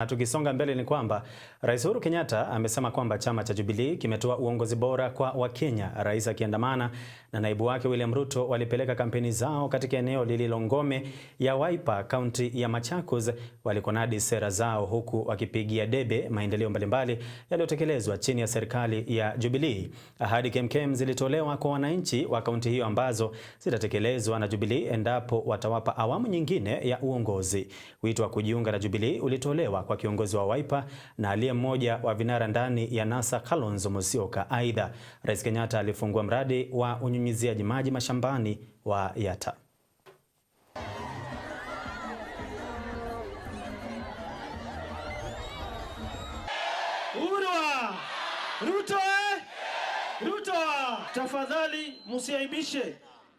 Na tukisonga mbele ni kwamba Rais Uhuru Kenyatta amesema kwamba chama cha Jubilee kimetoa uongozi bora kwa Wakenya. Rais akiandamana na naibu wake William Ruto walipeleka kampeni zao katika eneo lililo ngome ya Wiper, kaunti ya Machakos, walikonadi sera zao huku wakipigia debe maendeleo mbalimbali yaliyotekelezwa chini ya serikali ya Jubilee. Ahadi kemkem zilitolewa kwa wananchi wa kaunti hiyo ambazo zitatekelezwa na Jubilee endapo watawapa awamu nyingine ya uongozi. Wito wa kujiunga na Jubilee ulitolewa kwa kiongozi wa Wiper na aliye mmoja wa vinara ndani ya NASA Kalonzo Musyoka. Aidha, Rais Kenyatta alifungua mradi wa unyunyiziaji maji mashambani wa Yata. Ruto, eh? Ruto, tafadhali msiaibishe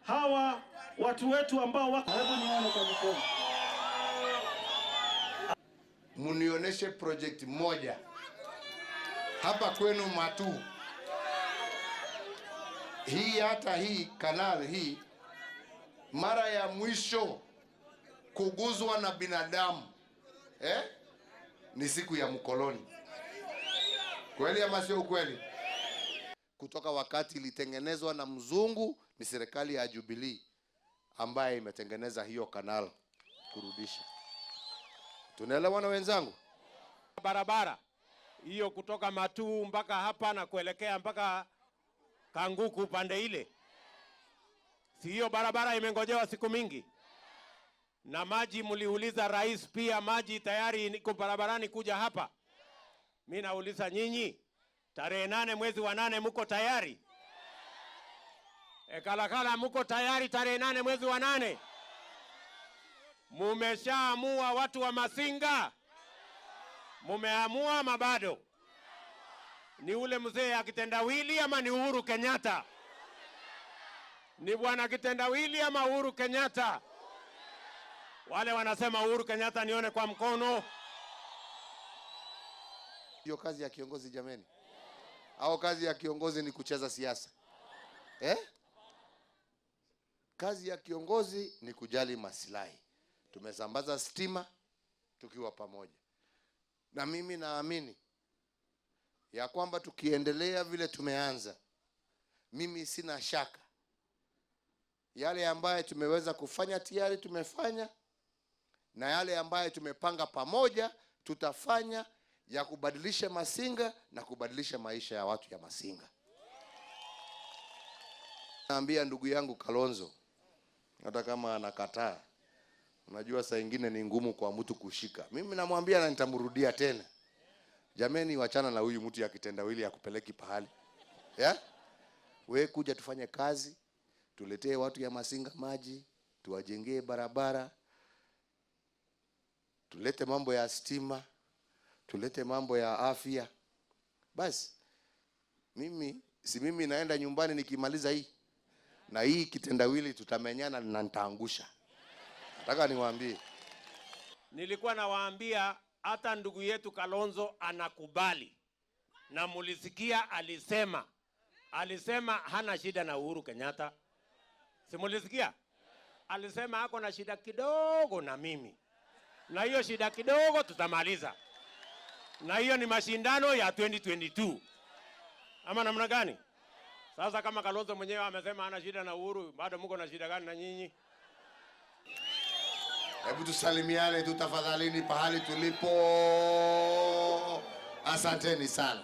hawa watu wetu ambao wako. Hebu nione kwa mkono munionyeshe project moja hapa kwenu Matu. Hii hata hii kanali hii, mara ya mwisho kuguzwa na binadamu eh, ni siku ya mkoloni. Kweli ama sio ukweli? Kutoka wakati ilitengenezwa na mzungu, ni serikali ya Jubilee ambaye imetengeneza hiyo kanali kurudisha Tunaelewana wenzangu? Barabara hiyo kutoka Matuu mpaka hapa na kuelekea mpaka Kanguku upande ile, si hiyo barabara imengojewa siku mingi? Na maji mliuliza rais pia, maji tayari iko barabarani kuja hapa. Mi nauliza nyinyi, tarehe nane mwezi wa nane muko tayari? Ekalakala muko tayari tarehe nane mwezi wa nane? Mumeshaamua watu wa Masinga? Mumeamua ama bado? Ni ule mzee wili ama ni Uhuru Kenyatta? Ni bwana kitendawili ama Uhuru Kenyatta? Wale wanasema Uhuru Kenyatta, nione kwa mkono. Hiyo kazi ya kiongozi jameni, au kazi ya kiongozi ni kucheza siasa eh? Kazi ya kiongozi ni kujali maslahi tumesambaza stima tukiwa pamoja, na mimi naamini ya kwamba tukiendelea vile tumeanza, mimi sina shaka yale ambayo tumeweza kufanya tayari tumefanya, na yale ambayo tumepanga pamoja tutafanya ya kubadilisha Masinga na kubadilisha maisha ya watu ya Masinga. Naambia ndugu yangu Kalonzo, hata kama anakataa Unajua saa ingine ni ngumu kwa mtu kushika. Mimi namwambia na nitamrudia tena, jameni, wachana na huyu mtu ya kitendawili ya kupeleki pahali yeah? We kuja tufanye kazi, tuletee watu ya Masinga maji, tuwajengee barabara, tulete mambo ya stima, tulete mambo ya afya. Basi mimi si mimi naenda nyumbani nikimaliza hii na hii kitendawili, tutamenyana na nitaangusha. Nataka niwaambie, nilikuwa nawaambia hata ndugu yetu Kalonzo anakubali, na mulisikia alisema, alisema hana shida na Uhuru Kenyatta, si mulisikia? Alisema ako na shida kidogo na mimi, na hiyo shida kidogo tutamaliza, na hiyo ni mashindano ya 2022 ama namna gani? Sasa kama Kalonzo mwenyewe amesema hana shida na Uhuru, bado mko na shida gani na nyinyi? Hebu tusalimiane tu tafadhalini, pahali tulipo. Asanteni sana.